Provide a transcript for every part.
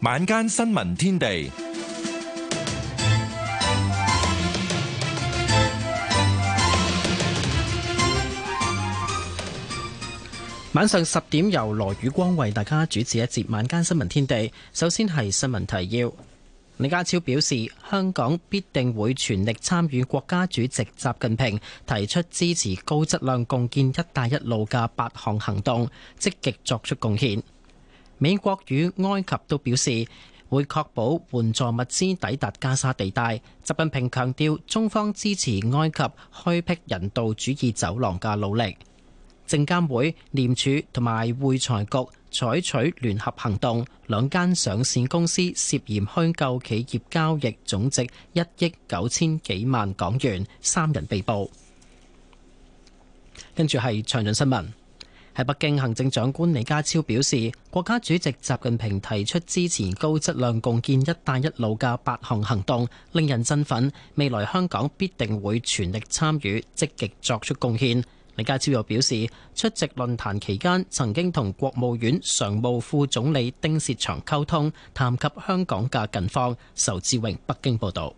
晚間新聞天地，晚上十點由羅宇光為大家主持一節晚間新聞天地。首先係新聞提要，李家超表示，香港必定會全力參與國家主席習近平提出支持高質量共建“一帶一路”嘅八項行動，積極作出貢獻。美國與埃及都表示會確保援助物資抵達加沙地帶。習近平強調，中方支持埃及開闢人道主義走廊嘅努力。證監會、廉署同埋會財局採取聯合行動，兩間上市公司涉嫌虛構企業交易總值一億九千幾萬港元，三人被捕。跟住係長進新聞。喺北京，行政長官李家超表示，國家主席習近平提出支持高質量共建“一帶一路”嘅八項行，行動，令人振奮。未來香港必定會全力參與，積極作出貢獻。李家超又表示，出席論壇期間曾經同國務院常務副總理丁薛祥溝通，談及香港嘅近況。仇志榮，北京報導。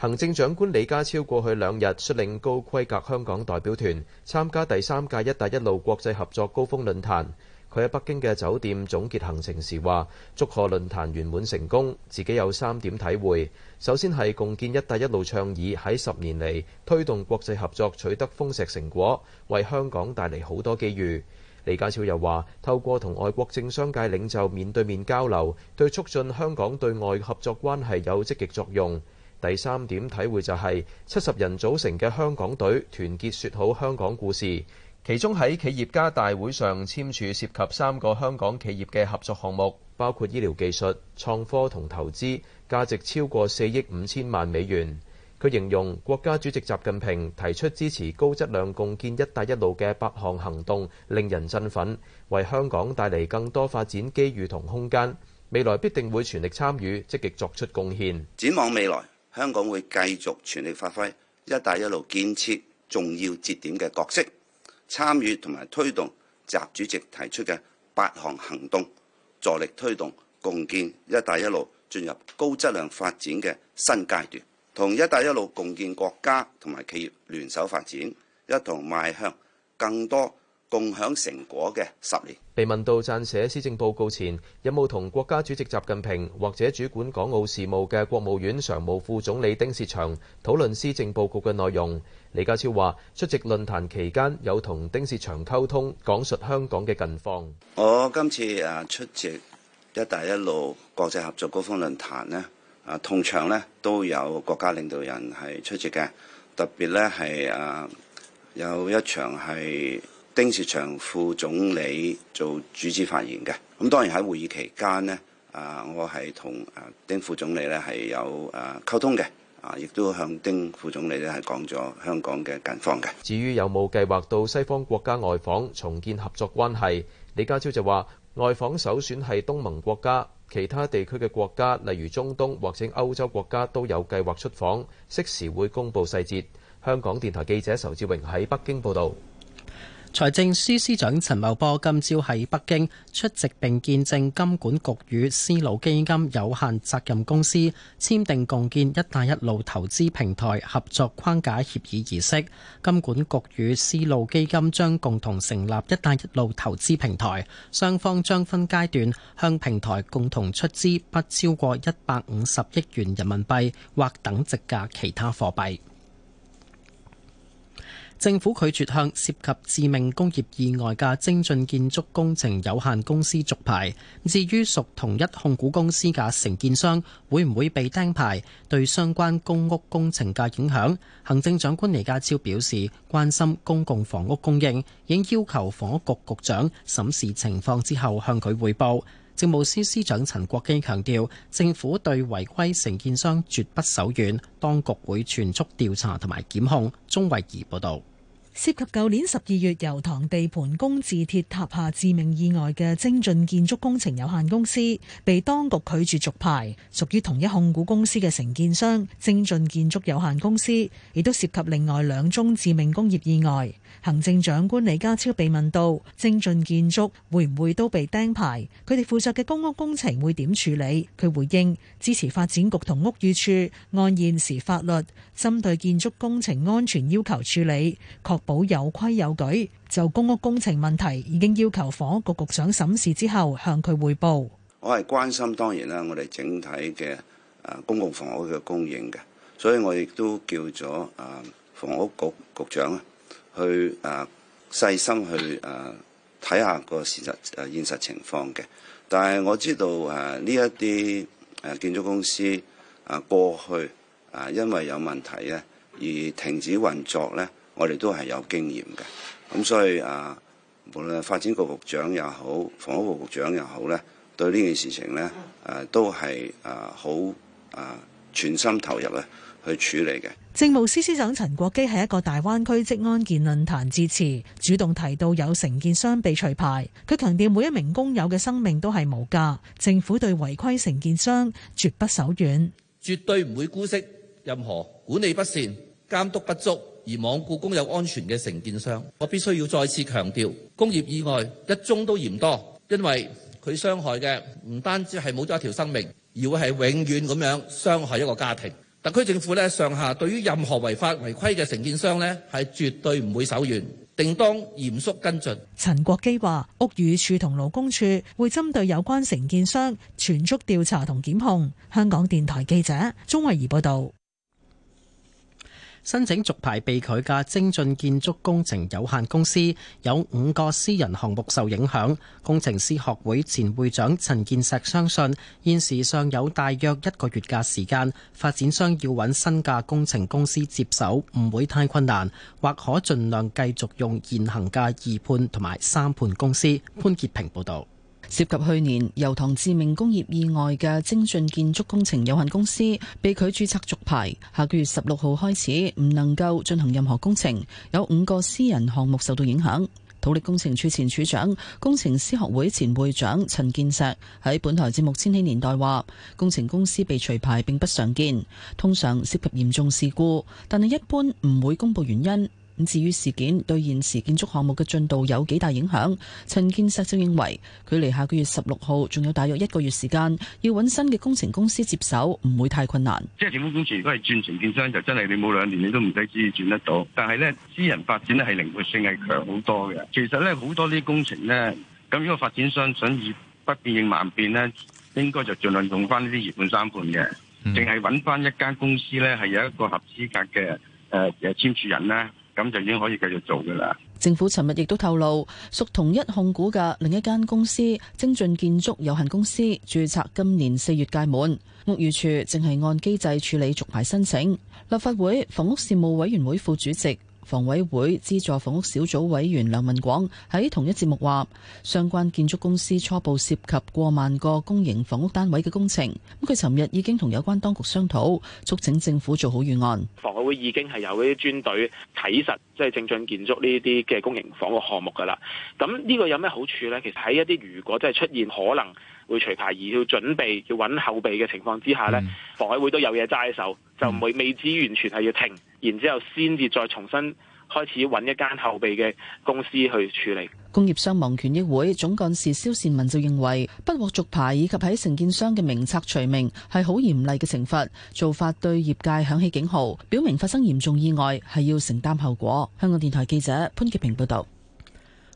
行政長官李家超過去兩日率領高規格香港代表團參加第三屆一帶一路國際合作高峰論壇。佢喺北京嘅酒店總結行程時話：祝賀論壇圓滿成功。自己有三點體會，首先係共建一帶一路倡議喺十年嚟推動國際合作取得豐碩成果，為香港帶嚟好多機遇。李家超又話：透過同外國政商界領袖面對面交流，對促進香港對外合作關係有積極作用。第三點體會就係七十人組成嘅香港隊團結説好香港故事，其中喺企業家大會上簽署涉及三個香港企業嘅合作項目，包括醫療技術、創科同投資，價值超過四億五千萬美元。佢形容國家主席習近平提出支持高質量共建一帶一路嘅八項行動令人振奮，為香港帶嚟更多發展機遇同空間，未來必定會全力參與，積極作出貢獻。展望未來，香港會繼續全力發揮“一帶一路”建設重要節點嘅角色，參與同埋推動習主席提出嘅八項行，行動，助力推動共建“一帶一路”進入高質量發展嘅新階段，同“一帶一路”共建國家同埋企業聯手發展，一同邁向更多共享成果嘅十年。被問到撰寫施政報告前有冇同國家主席習近平或者主管港澳事務嘅國務院常務副總理丁薛祥討論施政報告嘅內容，李家超話出席論壇期間有同丁薛祥溝通，講述香港嘅近況。我今次誒出席「一帶一路」國際合作高峰論壇呢，啊，同場呢都有國家領導人係出席嘅，特別呢，係啊有一場係。丁薛祥副總理做主旨發言嘅。咁當然喺會議期間咧，啊，我係同啊丁副總理咧係有啊溝通嘅，啊，亦都向丁副總理咧係講咗香港嘅近況嘅。至於有冇計劃到西方國家外訪重建合作關係，李家超就話外訪首選係東盟國家，其他地區嘅國家，例如中東或者歐洲國家都有計劃出訪，適時會公布細節。香港電台記者仇志榮喺北京報導。財政司司長陳茂波今朝喺北京出席並見證金管局與絲路基金有限責任公司簽訂共建一帶一路投資平台合作框架協議儀式。金管局與絲路基金將共同成立一帶一路投資平台，雙方將分階段向平台共同出資不超過一百五十億元人民幣或等值嘅其他貨幣。政府拒絕向涉及致命工業意外嘅精進建築工程有限公司續牌。至於屬同一控股公司嘅承建商會唔會被釘牌，對相關公屋工程嘅影響，行政長官李家超表示關心公共房屋供應，已要求房屋局局長審視情況之後向佢匯報。政務司司長陳國基強調，政府對違規承建商絕不手軟，當局會全速調查同埋檢控。鍾慧儀報道。涉及舊年十二月油塘地盤工字鐵塌下致命意外嘅精進建築工程有限公司被當局拒絕續牌，屬於同一控股公司嘅承建商精進建築有限公司，亦都涉及另外兩宗致命工業意外。行政長官李家超被問到精進建築會唔會都被釘牌，佢哋負責嘅公屋工程會點處理，佢回應支持發展局同屋宇署按現時法律針對建築工程安全要求處理，確保有規有矩，就公屋工程問題已經要求房屋局局長審視之後向佢彙報。我係關心當然啦，我哋整體嘅誒公共房屋嘅供應嘅，所以我亦都叫咗誒房屋局局，局長啊去誒細心去誒睇下個事實誒現實情況嘅。但係我知道誒呢一啲誒建築公司啊過去啊因為有問題咧而停止運作咧。我哋都係有經驗嘅，咁所以啊，無論發展局局長也好，房屋局局長也好咧，對呢件事情咧，誒、啊、都係誒好誒全心投入咧去處理嘅。政務司司長陳國基喺一個大灣區職安健論壇致辭，主動提到有承建商被除牌，佢強調每一名工友嘅生命都係無價，政府對違規承建商絕不手軟，絕對唔會姑息任何管理不善、監督不足，而罔顧工友安全嘅承建商，我必須要再次強調，工業意外一宗都嫌多，因為佢傷害嘅唔單止係冇咗一條生命，而會係永遠咁樣傷害一個家庭。特區政府呢，上下對於任何違法違規嘅承建商呢，係絕對唔會手軟，定當嚴肅跟進。陳國基話：屋宇署同勞工處會針對有關承建商全速調查同檢控。香港電台記者鍾慧儀報道。申請續牌被拒嘅精進建築工程有限公司有五個私人項目受影響。工程師學會前會長陳建石相信，現時尚有大約一個月嘅時間，發展商要揾新嘅工程公司接手，唔會太困難，或可盡量繼續用現行嘅二判同埋三判公司。潘潔平報導。涉及去年油塘致命工業意外嘅精進建築工程有限公司被拒註冊續牌，下個月十六號開始唔能夠進行任何工程，有五個私人項目受到影響。土力工程處前處長、工程師學會前會長陳建石喺本台節目《千禧年代》話，工程公司被除牌並不常見，通常涉及嚴重事故，但係一般唔會公布原因。至於事件對現時建築項目嘅進度有幾大影響？陳建石就認為，距離下個月十六號仲有大約一個月時間，要揾新嘅工程公司接手，唔會太困難。即係政府工程，如果係轉承建商，就真係你冇兩年，你都唔使知轉得到。但係咧，私人發展咧係靈活性係強好多嘅。其實咧，好多啲工程咧，咁如果發展商想以不變應萬變咧，應該就儘量用翻呢啲二判三判嘅，淨係揾翻一間公司咧，係有一個合資格嘅誒嘅簽署人咧。咁就已經可以繼續做嘅啦。政府尋日亦都透露，屬同一控股嘅另一間公司精進建築有限公司，註冊今年四月屆滿，屋宇署淨係按機制處理續牌申請。立法會房屋事務委員會副主席、房委會資助房屋小組委員梁文廣喺同一節目話，相關建築公司初步涉及過萬個公營房屋單位嘅工程。咁佢尋日已經同有關當局商討，促請政府做好預案。房委會已經係有啲專隊睇實，即係正進建築呢啲嘅公營房屋項目噶啦。咁呢個有咩好處咧？其實喺一啲如果真係出現可能會除牌而要準備要揾後備嘅情況之下咧，mm. 房委會都有嘢揸喺手，就唔會、mm. 未知完全係要停。然之後，先至再重新開始揾一間後備嘅公司去處理。工業傷亡權益會總幹事蕭善文就認為，不獲續牌以及喺承建商嘅名冊除名係好嚴厲嘅懲罰，做法對業界響起警號，表明發生嚴重意外係要承擔後果。香港電台記者潘潔平報導。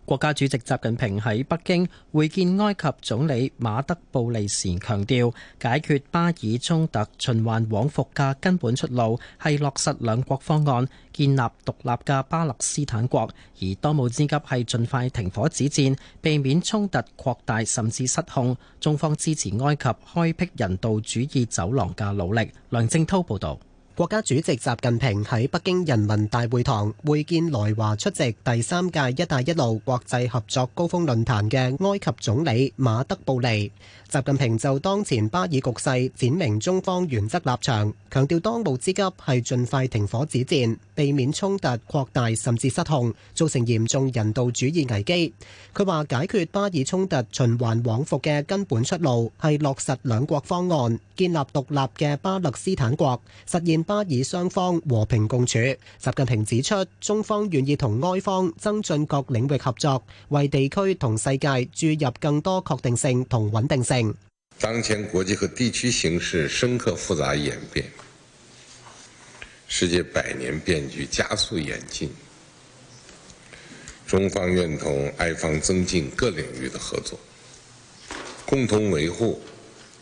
國家主席習近平喺北京會見埃及總理馬德布利時強調，解決巴以衝突循環往復嘅根本出路係落實兩國方案，建立獨立嘅巴勒斯坦國。而當務之急係盡快停火止戰，避免衝突擴大甚至失控。中方支持埃及開辟人道主義走廊嘅努力。梁正濤報道。國家主席習近平喺北京人民大會堂會見來華出席第三屆一帶一路國際合作高峰論壇嘅埃及總理馬德布利。習近平就當前巴以局勢闡明中方原則立場，強調當務之急係盡快停火止戰，避免衝突擴大甚至失控，造成嚴重人道主義危機。佢話解決巴以衝突循環往復嘅根本出路係落實兩國方案。建立獨立嘅巴勒斯坦國，實現巴以雙方和平共處。習近平指出，中方願意同埃方增進各領域合作，為地區同世界注入更多確定性同穩定性。當前國際和地區形勢深刻複雜演變，世界百年變局加速演進，中方願同埃方增進各領域嘅合作，共同維護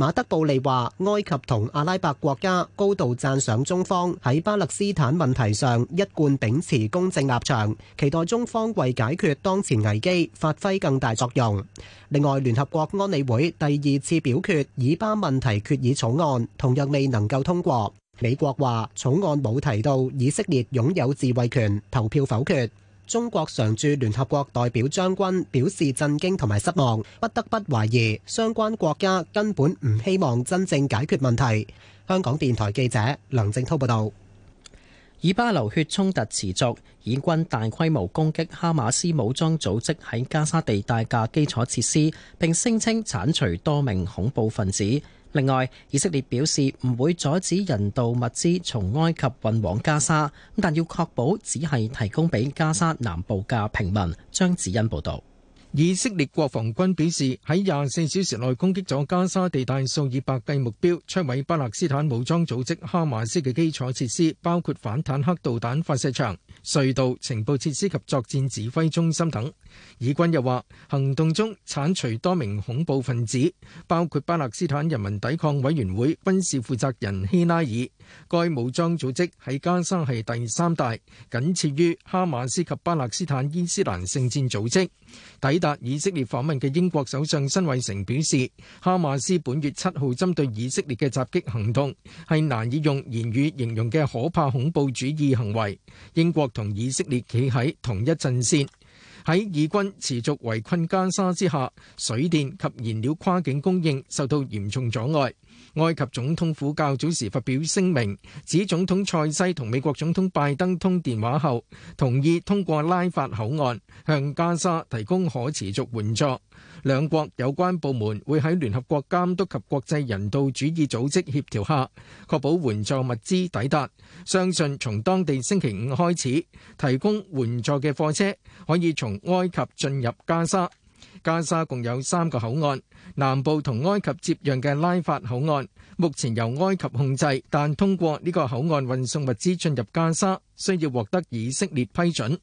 馬德布利話，埃及同阿拉伯國家高度讚賞中方喺巴勒斯坦問題上一貫秉持公正立場，期待中方為解決當前危機發揮更大作用。另外，聯合國安理會第二次表決以巴問題決議草案同樣未能夠通過。美國話，草案冇提到以色列擁有自衛權，投票否決。中國常駐聯合國代表張軍表示震驚同埋失望，不得不懷疑相關國家根本唔希望真正解決問題。香港電台記者梁正濤報道：以巴流血衝突持續，以軍大規模攻擊哈馬斯武裝組織喺加沙地帶嘅基礎設施，並聲稱鏟除多名恐怖分子。另外，以色列表示唔會阻止人道物資從埃及運往加沙，但要確保只係提供俾加沙南部嘅平民。張子欣報道。以色列國防軍表示，喺廿四小時內攻擊咗加沙地帶數以百計目標，摧毀巴勒斯坦武裝組織哈馬斯嘅基礎設施，包括反坦克導彈發射場、隧道、情報設施及作戰指揮中心等。以軍又話，行動中剷除多名恐怖分子，包括巴勒斯坦人民抵抗委員會軍事負責人希拉爾。該武裝組織喺加沙係第三大，僅次於哈馬斯及巴勒斯坦伊斯蘭聖戰組織。抵達以色列訪問嘅英國首相辛偉誠表示，哈馬斯本月七號針對以色列嘅襲擊行動係難以用言語形容嘅可怕恐怖主義行為。英國同以色列企喺同一陣線。喺以軍持續圍困加沙之下，水電及燃料跨境供應受到嚴重阻礙。埃及總統府較早時發表聲明，指總統塞西同美國總統拜登通電話後，同意通過拉法口岸向加沙提供可持續援助。兩國有關部門會喺聯合國監督及國際人道主義組織協調下，確保援助物資抵達。相信從當地星期五開始，提供援助嘅貨車可以從埃及進入加沙。加沙共有三個口岸，南部同埃及接壤嘅拉法口岸，目前由埃及控制，但通過呢個口岸運送物資進入加沙，需要獲得以色列批准。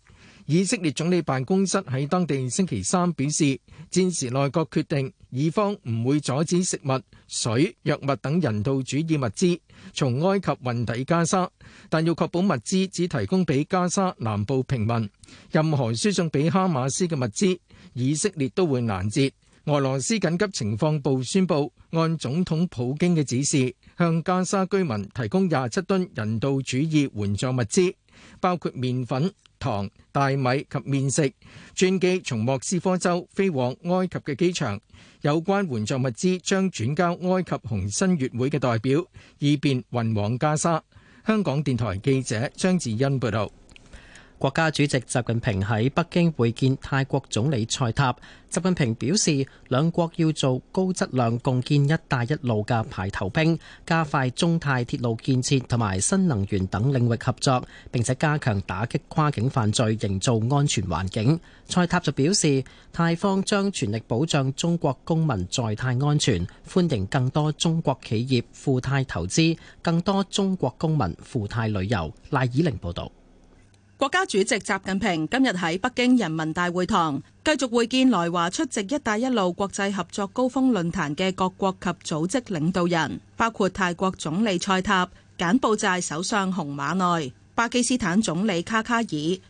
以色列總理辦公室喺當地星期三表示，戰時內閣決定，以方唔會阻止食物、水、藥物等人道主義物資從埃及運抵加沙，但要確保物資只提供俾加沙南部平民，任何輸送俾哈馬斯嘅物資以色列都會攔截。俄羅斯緊急情況部宣布，按總統普京嘅指示，向加沙居民提供廿七噸人道主義援助物資，包括麵粉、糖、大米及麵食。專機從莫斯科州飛往埃及嘅機場，有關援助物資將轉交埃及紅新月會嘅代表，以便運往加沙。香港電台記者張智欣報道。國家主席習近平喺北京會見泰國總理賽塔。習近平表示，兩國要做高質量共建“一帶一路”嘅排頭兵，加快中泰鐵路建設同埋新能源等領域合作，並且加強打擊跨境犯罪，營造安全環境。賽塔就表示，泰方將全力保障中國公民在泰安全，歡迎更多中國企業赴泰投資，更多中國公民赴泰旅遊。賴以寧報道。國家主席習近平今日喺北京人民大會堂繼續會見來華出席“一帶一路”國際合作高峰論壇嘅各國及組織領導人，包括泰國總理賽塔、柬埔寨首相洪馬內、巴基斯坦總理卡卡爾、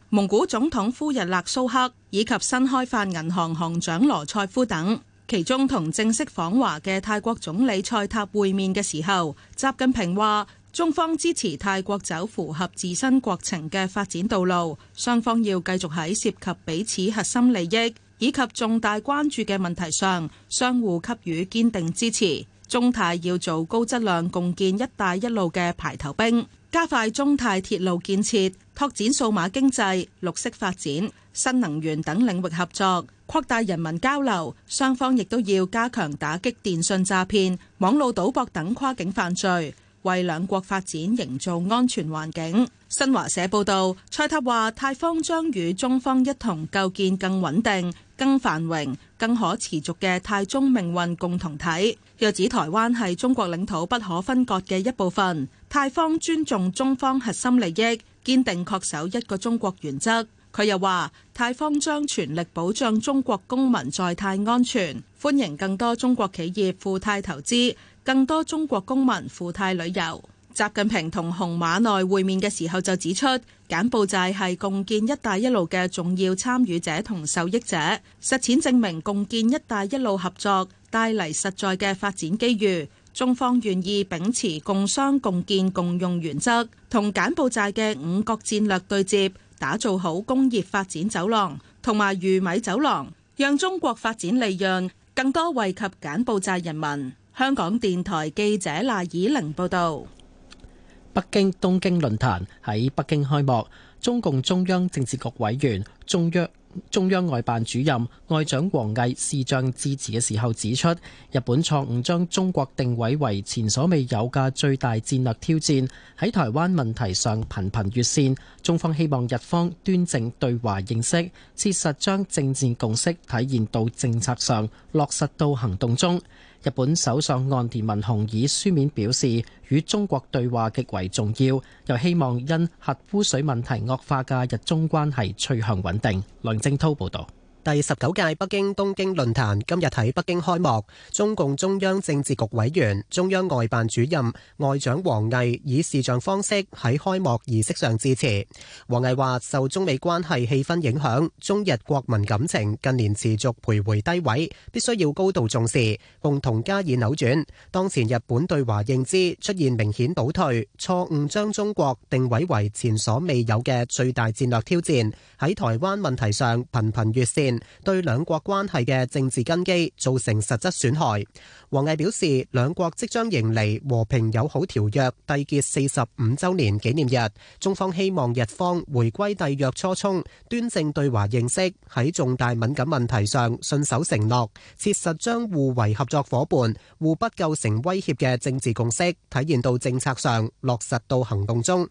蒙古總統呼日勒蘇赫，以及新開發銀行行長羅塞夫等。其中同正式訪華嘅泰國總理賽塔會面嘅時候，習近平話：中方支持泰國走符合自身國情嘅發展道路，雙方要繼續喺涉及彼此核心利益以及重大關注嘅問題上相互給予堅定支持。中泰要做高質量共建“一帶一路”嘅排頭兵，加快中泰鐵路建設，拓展數碼經濟、綠色發展、新能源等領域合作，擴大人民交流。雙方亦都要加強打擊電信詐，詐騙、網絡賭博等跨境犯罪。為兩國發展營造安全環境。新華社報道，蔡塔話泰方將與中方一同構建更穩定、更繁榮、更可持續嘅泰中命運共同體。又指台灣係中國領土不可分割嘅一部分。泰方尊重中方核心利益，堅定恪守一個中國原則。佢又話泰方將全力保障中國公民在泰安全，歡迎更多中國企業赴泰投資。更多中國公民赴泰旅遊。習近平同洪瑪奈會面嘅時候就指出，柬埔寨係共建“一帶一路”嘅重要參與者同受益者。實踐證明，共建“一帶一路”合作帶嚟實在嘅發展機遇。中方願意秉持共商、共建、共用原則，同柬埔寨嘅五國戰略對接，打造好工業發展走廊同埋魚米走廊，讓中國發展利潤更多惠及柬埔寨人民。香港電台記者賴以玲報道：北京東京論壇喺北京開幕，中共中央政治局委員、中央中央外辦主任外長王毅視像致辭嘅時候指出，日本錯誤將中國定位為前所未有嘅最大戰略挑戰，喺台灣問題上頻頻越線。中方希望日方端正對華認識，切實將政治共識體現到政策上，落實到行動中。日本首相岸田文雄以書面表示，與中國對話極為重要，又希望因核污水問題惡化嘅日中關係趨向穩定。梁正濤報道。第十九屆北京東京論壇今日喺北京開幕，中共中央政治局委員、中央外辦主任、外長王毅以視像方式喺開幕儀式上致辭。王毅話，受中美關係氣氛影響，中日國民感情近年持續徘徊低位，必須要高度重視，共同加以扭轉。當前日本對華認知出現明顯倒退，錯誤將中國定位為前所未有嘅最大戰略挑戰，喺台灣問題上頻頻越線，對兩國關係嘅政治根基造成實質損害。王毅表示，兩國即將迎嚟和平友好條約締結四十五週年紀念日，中方希望日方回歸締約初衷，端正對華認識，在重大敏感問題上信守承諾，切實將互為合作伙伴、互不構成威脅嘅政治共識體現到政策上，落實到行動中。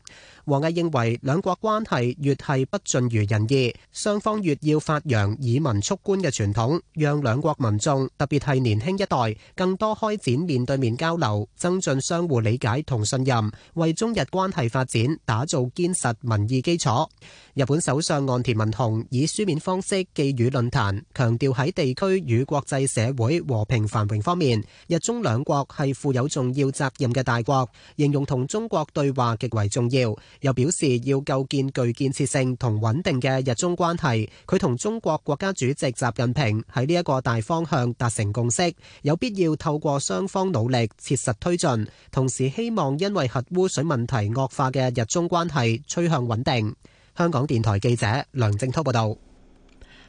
王毅認為，兩國關係越係不盡如人意，雙方越要發揚以民促官嘅傳統，讓兩國民眾，特別係年輕一代。更多開展面對面交流，增進相互理解同信任，為中日關係發展打造堅實民意基礎。日本首相岸田文雄以書面方式寄語論壇，強調喺地區與國際社會和平繁榮方面，日中兩國係負有重要責任嘅大國，形容同中國對話極為重要，又表示要構建具建設性同穩定嘅日中關係，佢同中國國家主席習近平喺呢一個大方向達成共識，有必要。透過雙方努力，切實推進，同時希望因為核污水問題惡化嘅日中關係趨向穩定。香港電台記者梁正濤報導。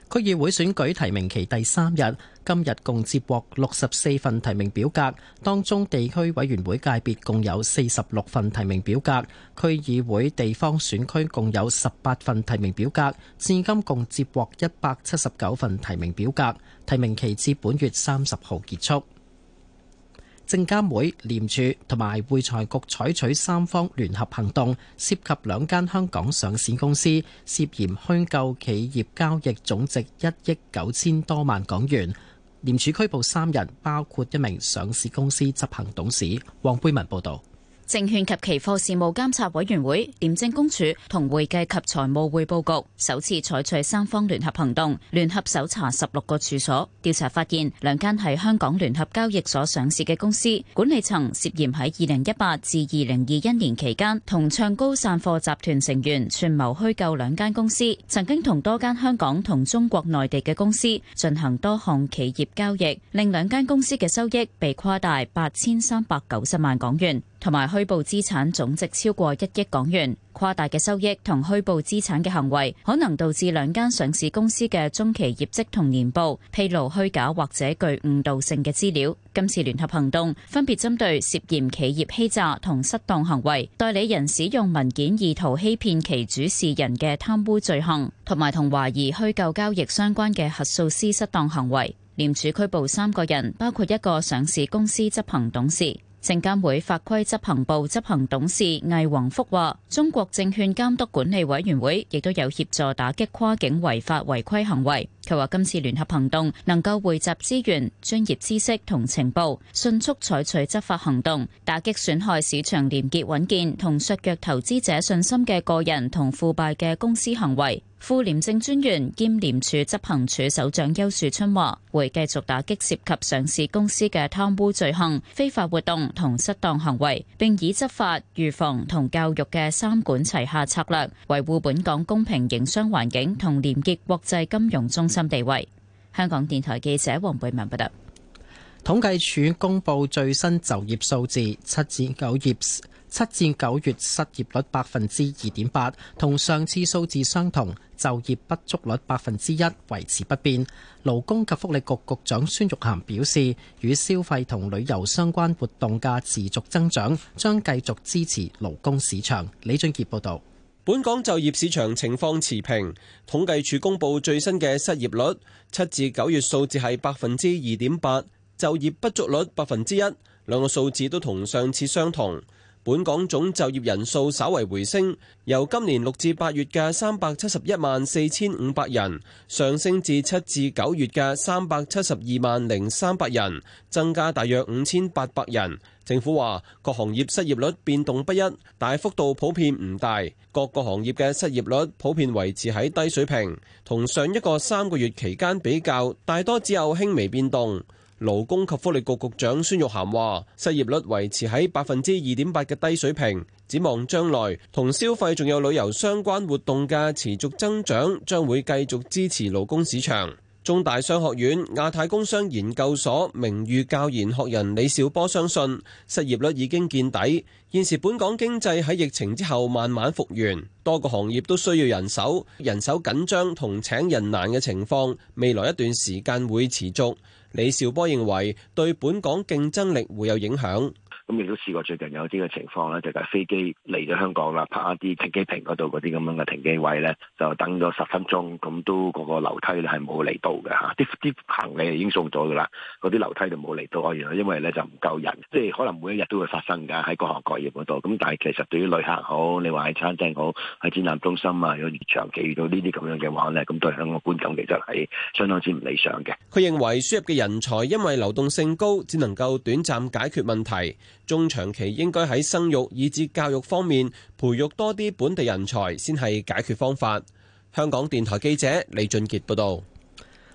區議會選舉提名期第三日，今日共接獲六十四份提名表格，當中地區委員會界別共有四十六份提名表格，區議會地方選區共有十八份提名表格，至今共接獲一百七十九份提名表格。提名期至本月三十號結束。證監會、廉署同埋會財局採取三方聯合行動，涉及兩間香港上市公司涉嫌虛構企業交易總值一億九千多萬港元。廉署拘捕三人，包括一名上市公司執行董事。黃貝文報導。證券及期貨事務監察委員會、廉政公署同會計及財務匯報局首次採取三方聯合行動，聯合搜查十六個處所。調查發現，兩間係香港聯合交易所上市嘅公司管理層涉嫌喺二零一八至二零二一年期間，同唱高散貨集團成員串謀虛構兩間公司，曾經同多間香港同中國內地嘅公司進行多項企業交易，令兩間公司嘅收益被誇大八千三百九十萬港元。同埋虛報資產總值超過一億港元，誇大嘅收益同虛報資產嘅行為，可能導致兩間上市公司嘅中期業績同年報披露虛假或者具誤導性嘅資料。今次聯合行動分別針對涉嫌企業欺詐同失當行為、代理人使用文件意圖欺騙其主事人嘅貪污罪行，同埋同懷疑虛構交易相關嘅核數師失當行為。廉署拘捕三個人，包括一個上市公司執行董事。證監會法規執行部執行董事魏宏福話：中國證券監督管理委員會亦都有協助打擊跨境違法違規行為。佢話今次聯合行動能夠匯集資源、專業知識同情報，迅速採取執法行動，打擊損害市場廉潔穩健同削弱投資者信心嘅個人同腐敗嘅公司行為。副廉政專員兼廉署執行處首長邱樹春話：會繼續打擊涉及上市公司嘅貪污罪行、非法活動同失當行為，並以執法、預防同教育嘅三管齊下策略，維護本港公平營商環境同廉潔國際金融中心。深地位，香港電台記者王貝文報道。統計處公布最新就業數字，七至九月七至九月失業率百分之二點八，同上次數字相同。就業不足率百分之一維持不變。勞工及福利局局,局長孫玉菡表示，與消費同旅遊相關活動嘅持續增長，將繼續支持勞工市場。李俊杰報道。本港就業市場情況持平，統計處公布最新嘅失業率，七至九月數字係百分之二點八，就業不足率百分之一，兩個數字都同上次相同。本港總就業人數稍為回升，由今年六至八月嘅三百七十一萬四千五百人上升至七至九月嘅三百七十二萬零三百人，增加大約五千八百人。政府話各行業失業率變動不一，大幅度普遍唔大，各個行業嘅失業率普遍維持喺低水平，同上一個三個月期間比較，大多只有輕微變動。勞工及福利局局長孫玉菡話：失業率維持喺百分之二點八嘅低水平，展望將來同消費仲有旅遊相關活動嘅持續增長，將會繼續支持勞工市場。中大商學院亞太工商研究所名譽教研學人李兆波相信，失業率已經見底，現時本港經濟喺疫情之後慢慢復原，多個行業都需要人手，人手緊張同請人難嘅情況，未來一段時間會持續，李兆波認為，對本港競爭力會有影響。咁亦都試過最近有啲嘅情況咧，就係飛機嚟咗香港啦，泊一啲停機坪嗰度嗰啲咁樣嘅停機位咧，就等咗十分鐘，咁都個個樓梯咧係冇嚟到嘅嚇，啲啲行李已經送咗噶啦，嗰啲樓梯就冇嚟到啊，原來因為咧就唔夠人，即係可能每一日都會發生㗎，喺各行各業嗰度。咁但係其實對於旅客好，你話喺餐廳好，喺展覽中心啊，如果長期遇到呢啲咁樣嘅話咧，咁對香港觀感其實係相當之唔理想嘅。佢認為輸入嘅人才因為流動性高，只能夠短暫解決問題。中長期應該喺生育以至教育方面培育多啲本地人才，先係解決方法。香港電台記者李俊傑報導。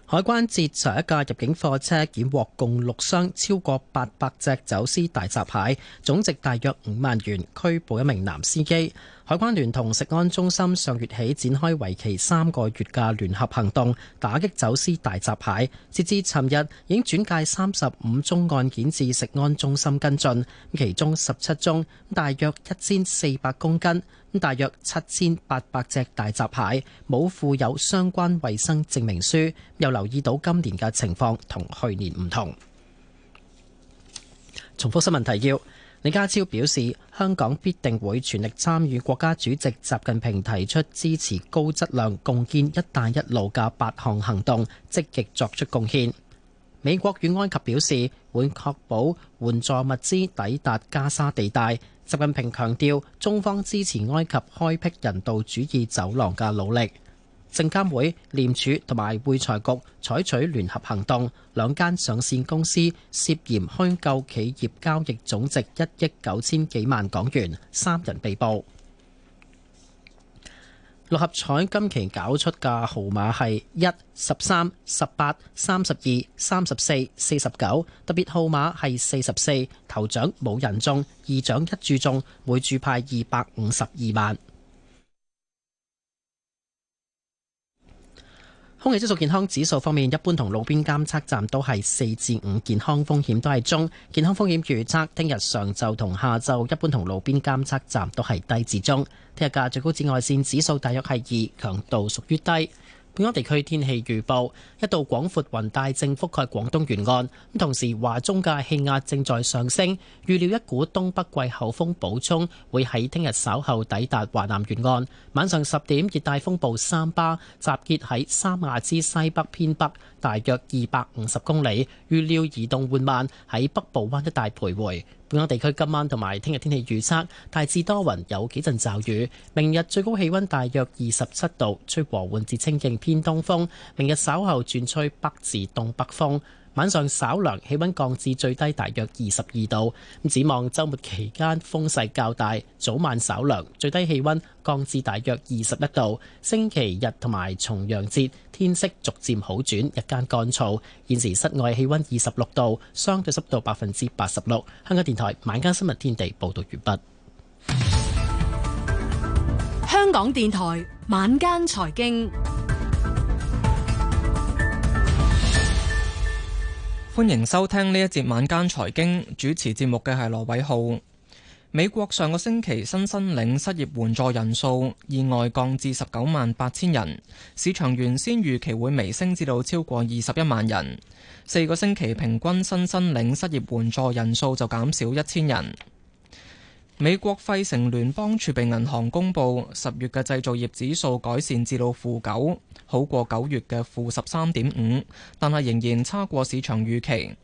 海關截查一架入境貨車，檢獲共六箱超過八百隻走私大閘蟹，總值大約五萬元，拘捕一名男司機。海關聯同食安中心上月起展開為期三個月嘅聯合行動，打擊走私大閘蟹。截至尋日，已經轉介三十五宗案件至食安中心跟進，其中十七宗，大約一千四百公斤，大約七千八百隻大閘蟹，冇附有相關衛生證明書。又留意到今年嘅情況同去年唔同。重複新聞提要。李家超表示，香港必定會全力參與國家主席習近平提出支持高質量共建“一帶一路”嘅八項行動，積極作出貢獻。美國與埃及表示，會確保援助物資抵達加沙地帶，習近平強調中方支持埃及開辟人道主義走廊嘅努力。證監會、廉署同埋會財局採取聯合行動，兩間上市公司涉嫌虛構企業交易總值一億九千幾萬港元，三人被捕。六合彩今期搞出嘅號碼係一、十三、十八、三十二、三十四、四十九，特別號碼係四十四。頭獎冇人中，二獎一注中，每注派二百五十二萬。空氣質素健康指數方面，一般同路邊監測站都係四至五，健康風險都係中。健康風險預測，聽日上晝同下晝，一般同路邊監測站都係低至中。聽日嘅最高紫外線指數大約係二，強度屬於低。本港地區天氣預報，一道廣闊雲帶正覆蓋廣東沿岸，同時華中嘅氣壓正在上升，預料一股東北季候風補充會喺聽日稍後抵達華南沿岸。晚上十點，熱帶風暴三巴集結喺三亞之西北偏北，大約二百五十公里，預料移動緩慢，喺北部灣一帶徘徊。本港地區今晚同埋聽日天氣預測大致多雲，有幾陣驟雨。明日最高氣溫大約二十七度，吹和緩至清勁偏東風。明日稍後轉吹北至東北風。晚上稍涼，氣溫降至最低大約二十二度。咁展望周末期間風勢較大，早晚稍涼，最低氣溫降至大約二十一度。星期日同埋重陽節天色逐漸好轉，日間乾燥。現時室外氣溫二十六度，相對濕度百分之八十六。香港電台晚間新聞天地報道完畢。香港電台晚間財經。歡迎收聽呢一節晚間財經，主持節目嘅係羅偉浩。美國上個星期新申領失業援助人數意外降至十九萬八千人，市場原先預期會微升至到超過二十一萬人。四個星期平均新申領失業援助人數就減少一千人。美國費城聯邦儲備銀行公布十月嘅製造業指數改善至到負九，好過九月嘅負十三點五，但係仍然差過市場預期。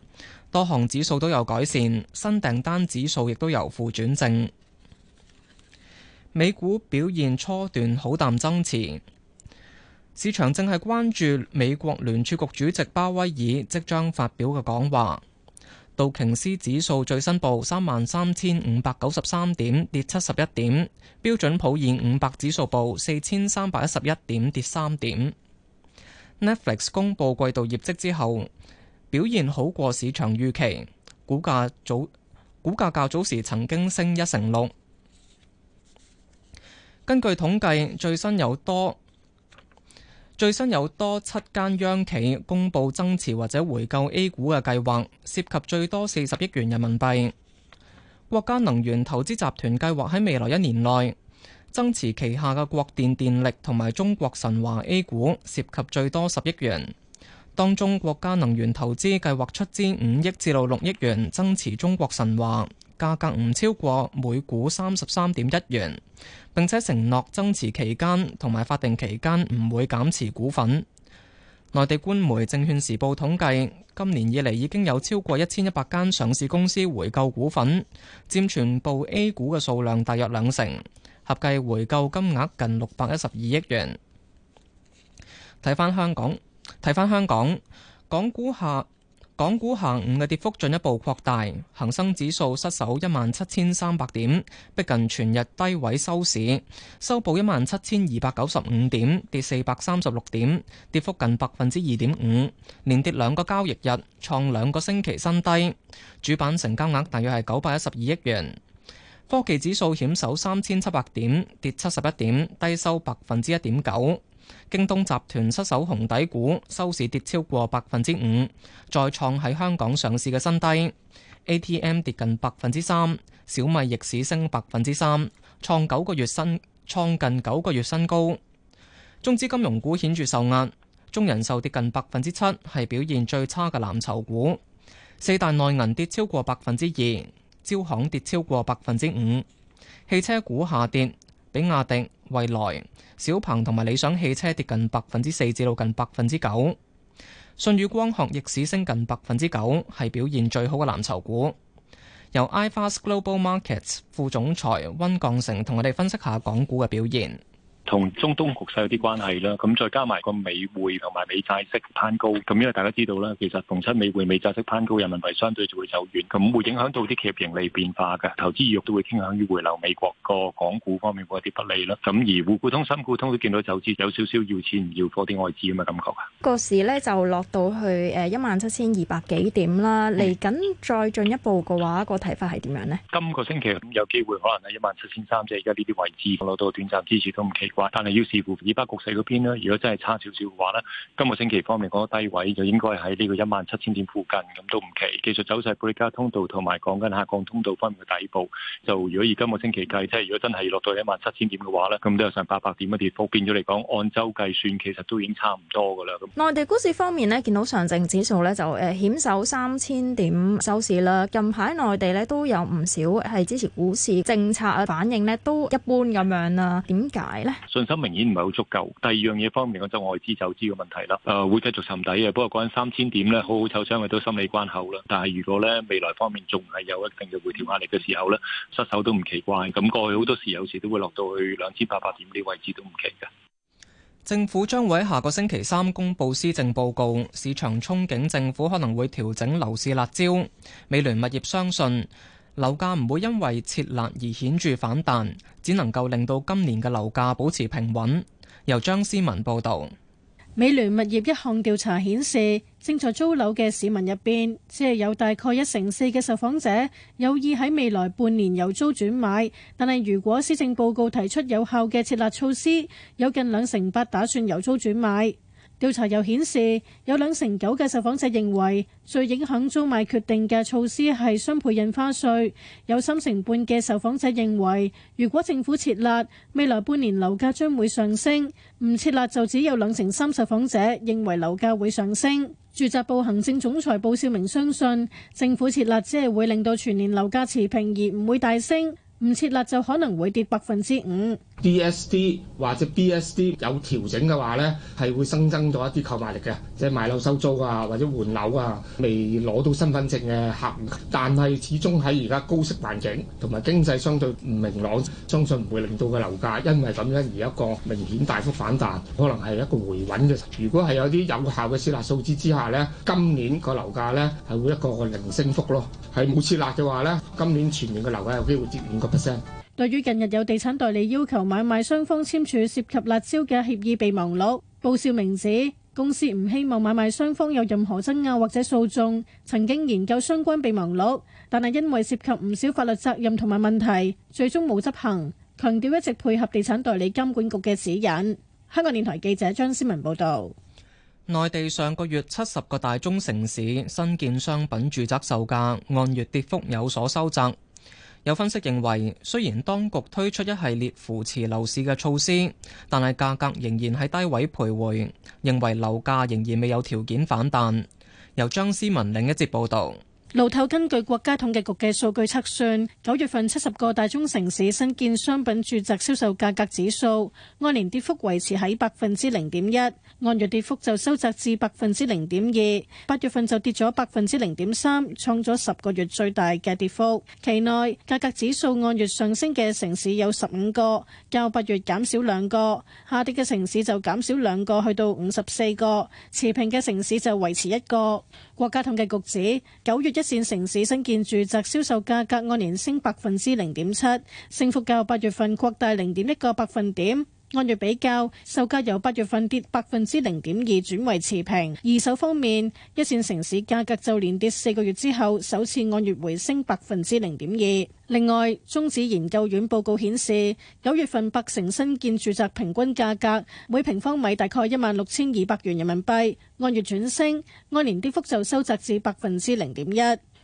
多項指數都有改善，新訂單指數亦都由負轉正。美股表現初段好淡增持，市場正係關注美國聯儲局主席鮑威爾即將發表嘅講話。道瓊斯指數最新報三萬三千五百九十三點，跌七十一點。標準普爾五百指數報四千三百一十一點，跌三點。Netflix 公布季度業績之後表現好過市場預期，股價早股價較早時曾經升一成六。根據統計，最新有多。最新有多七間央企公布增持或者回購 A 股嘅計劃，涉及最多四十億元人民幣。國家能源投資集團計劃喺未來一年內增持旗下嘅國電電力同埋中國神華 A 股，涉及最多十億元。當中國家能源投資計劃出資五億至到六億元增持中國神華。價格唔超過每股三十三點一元，並且承諾增持期間同埋法定期間唔會減持股份。內地官媒證券時報統計，今年以嚟已經有超過一千一百間上市公司回購股份，佔全部 A 股嘅數量大約兩成，合計回購金額近六百一十二億元。睇返香港，睇返香港，港股下。港股下午嘅跌幅進一步擴大，恒生指數失守一萬七千三百點，逼近全日低位收市，收報一萬七千二百九十五點，跌四百三十六點，跌幅近百分之二點五，連跌兩個交易日，創兩個星期新低。主板成交額大約係九百一十二億元。科技指數險守三千七百點，跌七十一點，低收百分之一點九。京東集團失守紅底股，收市跌超過百分之五，再創喺香港上市嘅新低。ATM 跌近百分之三，小米逆市升百分之三，創九個月新，創近九個月新高。中資金融股顯著受壓，中人壽跌近百分之七，係表現最差嘅藍籌股。四大內銀跌超過百分之二，招行跌超過百分之五。汽車股下跌，比亞迪，未來，小鵬同埋理想汽車跌近百分之四，至到近百分之九。信宇光學逆市升近百分之九，係表現最好嘅藍籌股。由 iFast Global Markets 副總裁溫鋼成同我哋分析下港股嘅表現。同中東局勢有啲關係啦，咁再加埋個美匯同埋美債息攀高，咁因為大家知道啦，其實逢七美匯、美債息攀高，人民幣相對就會走軟，咁會影響到啲企業盈利變化嘅，投資意欲都會傾向於回流美國，個港股方面會有啲不利啦。咁而滬股通、深股通都見到就好似有少少要錢唔要貨啲外資嘅感覺啊。個市咧就落到去誒一萬七千二百幾點啦，嚟緊再進一步嘅話，個睇法係點樣呢？今個星期有機會可能喺一萬七千三，即係而家呢啲位置攞到短暫支持都唔奇。但係要視乎以北局勢嗰邊啦。如果真係差少少嘅話咧，今個星期方面講個低位就應該喺呢個一萬七千點附近咁都唔奇。技術走勢布林加通道同埋講緊下降通道方面嘅底部，就如果以今個星期計，即係如果真係落到一萬七千點嘅話咧，咁都有成八百點嘅跌幅。變咗嚟講，按周計算其實都已經差唔多噶啦。咁內地股市方面咧，見到上證指數咧就誒險、呃、守三千點收市啦。近排喺內地咧都有唔少係支持股市政策嘅反應咧，都一般咁樣啦。點解咧？信心明顯唔係好足夠。第二樣嘢方面我就外資走資嘅問題啦。誒會繼續沉底嘅，不過講緊三千點呢好好抽身，為都心理關口啦。但係如果呢未來方面仲係有一定嘅回調壓力嘅時候呢失手都唔奇怪。咁過去好多時有時都會落到去兩千八百點呢位置都唔奇㗎。政府將會喺下個星期三公布施政報告，市場憧憬政府可能會調整樓市辣招。美聯物業相信。樓價唔會因為設立而顯著反彈，只能夠令到今年嘅樓價保持平穩。由張思文報導，美聯物業一項調查顯示，正在租樓嘅市民入邊，只係有大概一成四嘅受訪者有意喺未來半年由租轉買，但係如果施政報告提出有效嘅設立措施，有近兩成八打算由租轉買。調查又顯示，有兩成九嘅受訪者認為最影響租賣決定嘅措施係雙倍印花稅，有三成半嘅受訪者認為，如果政府設立，未來半年樓價將會上升；唔設立就只有兩成三受訪者認為樓價會上升。住宅部行政總裁報少明相信，政府設立只係會令到全年樓價持平而唔會大升，唔設立就可能會跌百分之五。D.S.D 或者 B.S.D 有調整嘅話呢，係會新增咗一啲購買力嘅，即係買樓收租啊，或者換樓啊，未攞到身份證嘅客。但係始終喺而家高息環境同埋經濟相對唔明朗，相信唔會令到個樓價因為咁樣而一個明顯大幅反彈，可能係一個回穩嘅。如果係有啲有效嘅撤辣數字之下呢，今年個樓價呢係會一個，一，個一個零升幅咯。係冇撤辣嘅話呢，今年全年嘅樓價有機會跌五個 percent。對於近日有地產代理要求買賣雙方簽署涉及辣招嘅協議備忘錄，報道明指公司唔希望買賣雙方有任何爭拗或者訴訟。曾經研究相關備忘錄，但係因為涉及唔少法律責任同埋問題，最終冇執行。強調一直配合地產代理監管局嘅指引。香港電台記者張思文報導。內地上個月七十個大中城市新建商品住宅售價按月跌幅有所收窄。有分析認為，雖然當局推出一系列扶持樓市嘅措施，但係價格仍然喺低位徘徊，認為樓價仍然未有條件反彈。由張思文另一節報道。路透根據國家統計局嘅數據測算，九月份七十個大中城市新建商品住宅銷售價格指數按年跌幅維持喺百分之零點一，按月跌幅就收窄至百分之零點二。八月份就跌咗百分之零點三，創咗十個月最大嘅跌幅。期內價格指數按月上升嘅城市有十五個，較八月減少兩個；下跌嘅城市就減少兩個，去到五十四個；持平嘅城市就維持一個。國家統計局指，九月一線城市新建住宅銷售價格按年升百分之零點七，升幅較八月份擴大零點一個百分點。按月比較，售價由八月份跌百分之零點二轉為持平。二手方面，一線城市價格就連跌四個月之後，首次按月回升百分之零點二。另外，中指研究院報告顯示，九月份百城新建住宅平均價格每平方米大概一萬六千二百元人民幣，按月轉升，按年跌幅就收窄至百分之零點一。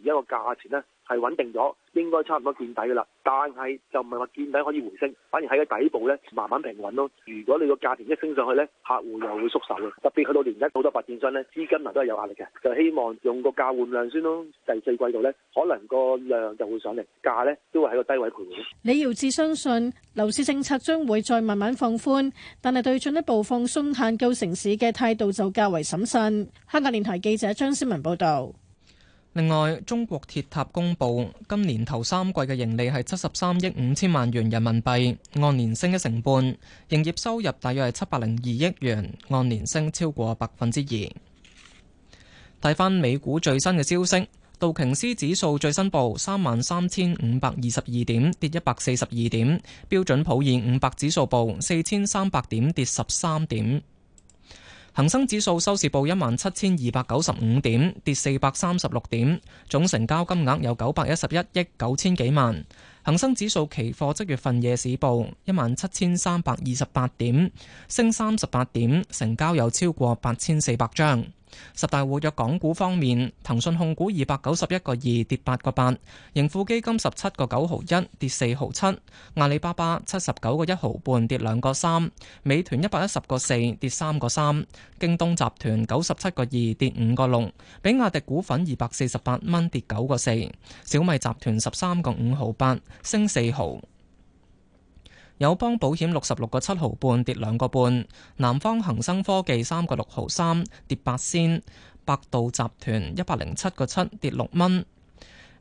而家個價錢呢係穩定咗，應該差唔多見底噶啦。但係就唔係話見底可以回升，反而喺個底部咧慢慢平穩咯。如果你個價錢一升上去咧，客戶又會縮手嘅。特別去到年底好多發展商咧，資金呀都係有壓力嘅，就希望用個價換量先咯。第四季度咧，可能個量就會上嚟，價咧都會喺個低位徘徊。李耀志相信樓市政策將會再慢慢放寬，但係對進一步放鬆限購城市嘅態度就較為審慎。香港電台記者張思文報道。另外，中國鐵塔公布今年頭三季嘅盈利係七十三億五千萬元人民幣，按年升一成半；營業收入大約係七百零二億元，按年升超過百分之二。睇返美股最新嘅消息，道瓊斯指數最新報三萬三千五百二十二點，跌一百四十二點；標準普爾五百指數報四千三百點，跌十三點。恒生指數收市報一萬七千二百九十五點，跌四百三十六點，總成交金額有九百一十一億九千幾萬。恒生指數期貨即月份夜市報一萬七千三百二十八點，升三十八點，成交有超過八千四百張。十大活躍港股方面，騰訊控股二百九十一個二跌八個八，盈富基金十七個九毫一跌四毫七，阿里巴巴七十九個一毫半跌兩個三，美團一百一十個四跌三個三，京東集團九十七個二跌五個六，比亞迪股份二百四十八蚊跌九個四，小米集團十三個五毫八升四毫。友邦保險六十六個七毫半跌兩個半，南方恒生科技三個六毫三跌八仙，百度集團一百零七個七跌六蚊。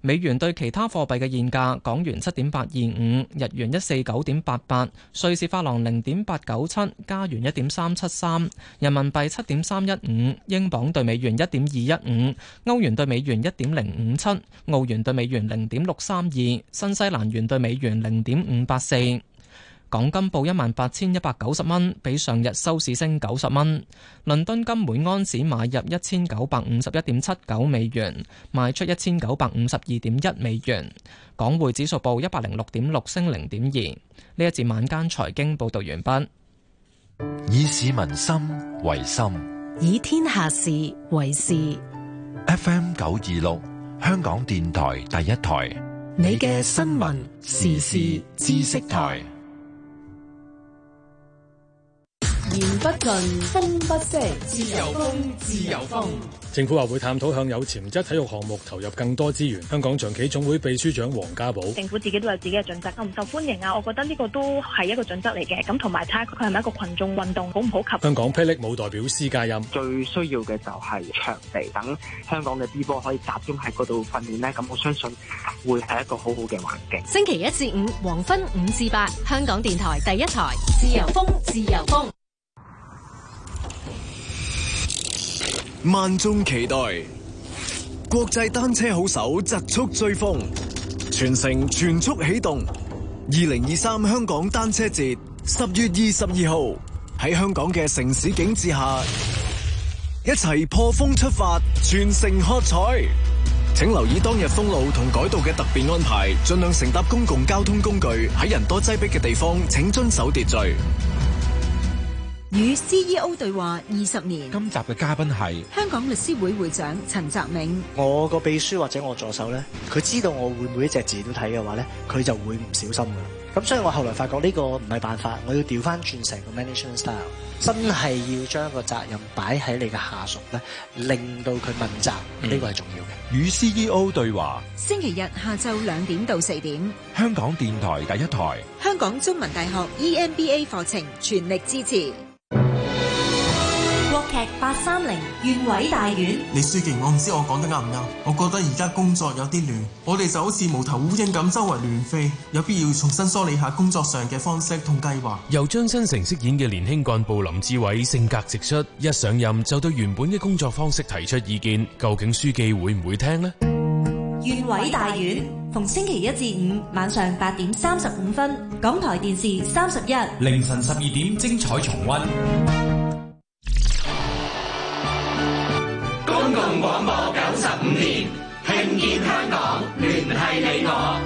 美元對其他貨幣嘅現價：港元七點八二五，日元一四九點八八，瑞士法郎零點八九七，加元一點三七三，人民幣七點三一五，英鎊對美元一點二一五，歐元對美元一點零五七，澳元對美元零點六三二，新西蘭元對美元零點五八四。港金報一萬八千一百九十蚊，比上日收市升九十蚊。倫敦金每安士買入一千九百五十一點七九美元，賣出一千九百五十二點一美元。港匯指數報一百零六點六，升零點二。呢一節晚間財經報道完畢。以市民心為心，以天下事為事。FM 九二六，香港電台第一台，你嘅新聞時事知識台。言不盡，風不息，自由風，自由風。政府話會探討向有潛質體育項目投入更多資源。香港長期總會秘書長黃家寶，政府自己都有自己嘅準則，受唔受歡迎啊？我覺得呢個都係一個準則嚟嘅。咁同埋睇下佢係咪一個群眾運動，好唔好及？香港霹靂舞代表施家音，最需要嘅就係場地，等香港嘅 B 波可以集中喺嗰度訓練呢。咁我相信會係一個好好嘅環境。星期一至五黃昏五至八，香港電台第一台，自由風，自由風。萬眾期待，國際單車好手疾速追風，全城全速起動。二零二三香港單車節十月二十二號喺香港嘅城市景致下，一齊破風出發，全城喝彩。請留意當日封路同改道嘅特別安排，盡量乘搭公共交通工具。喺人多擠逼嘅地方，請遵守秩序。與 C E O 對話二十年。今集嘅嘉賓係香港律師會會長陳澤銘。我個秘書或者我助手咧，佢知道我會每一隻字都睇嘅話咧，佢就會唔小心噶。咁所以我後來發覺呢個唔係辦法，我要調翻轉成個 management style，真係要將個責任擺喺你嘅下屬咧，令到佢問責，嗯，呢個係重要嘅。與 C E O 對話，星期日下晝兩點到四點，香港電台第一台，香港中文大學 E M B A 課程全力支持。八三零縣委大院。李書記，我唔知我講得啱唔啱，我覺得而家工作有啲亂，我哋就好似無頭烏蠅咁周圍亂飛，有必要重新梳理下工作上嘅方式同計劃。由張新成飾演嘅年輕幹部林志偉，性格直出，一上任就對原本嘅工作方式提出意見，究竟書記會唔會聽呢？縣委大院，逢星期一至五晚上八點三十五分，港台電視三十一，凌晨十二點精彩重溫。廣播九十五年，聽見香港，聯繫你我。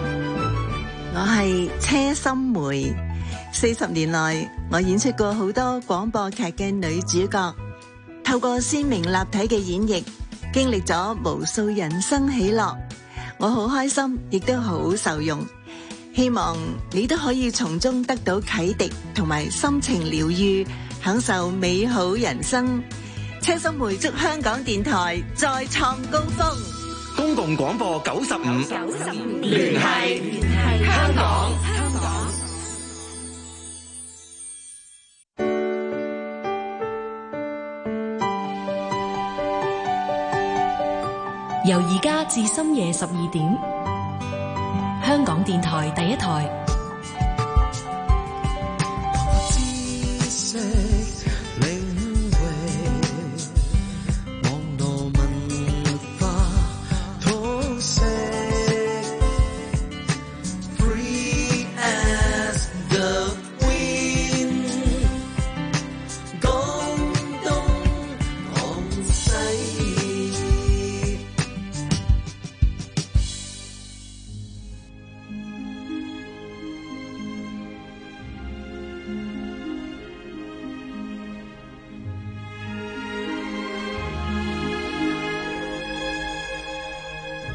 我係車心梅，四十年來，我演出過好多廣播劇嘅女主角。透過鮮明立體嘅演繹，經歷咗無數人生喜樂，我好開心，亦都好受用。希望你都可以從中得到啟迪，同埋心情療愈，享受美好人生。青心梅祝香港電台再創高峰，公共廣播九十五九十五，聯繫聯繫香港香港，由而家至深夜十二點，香港電台第一台。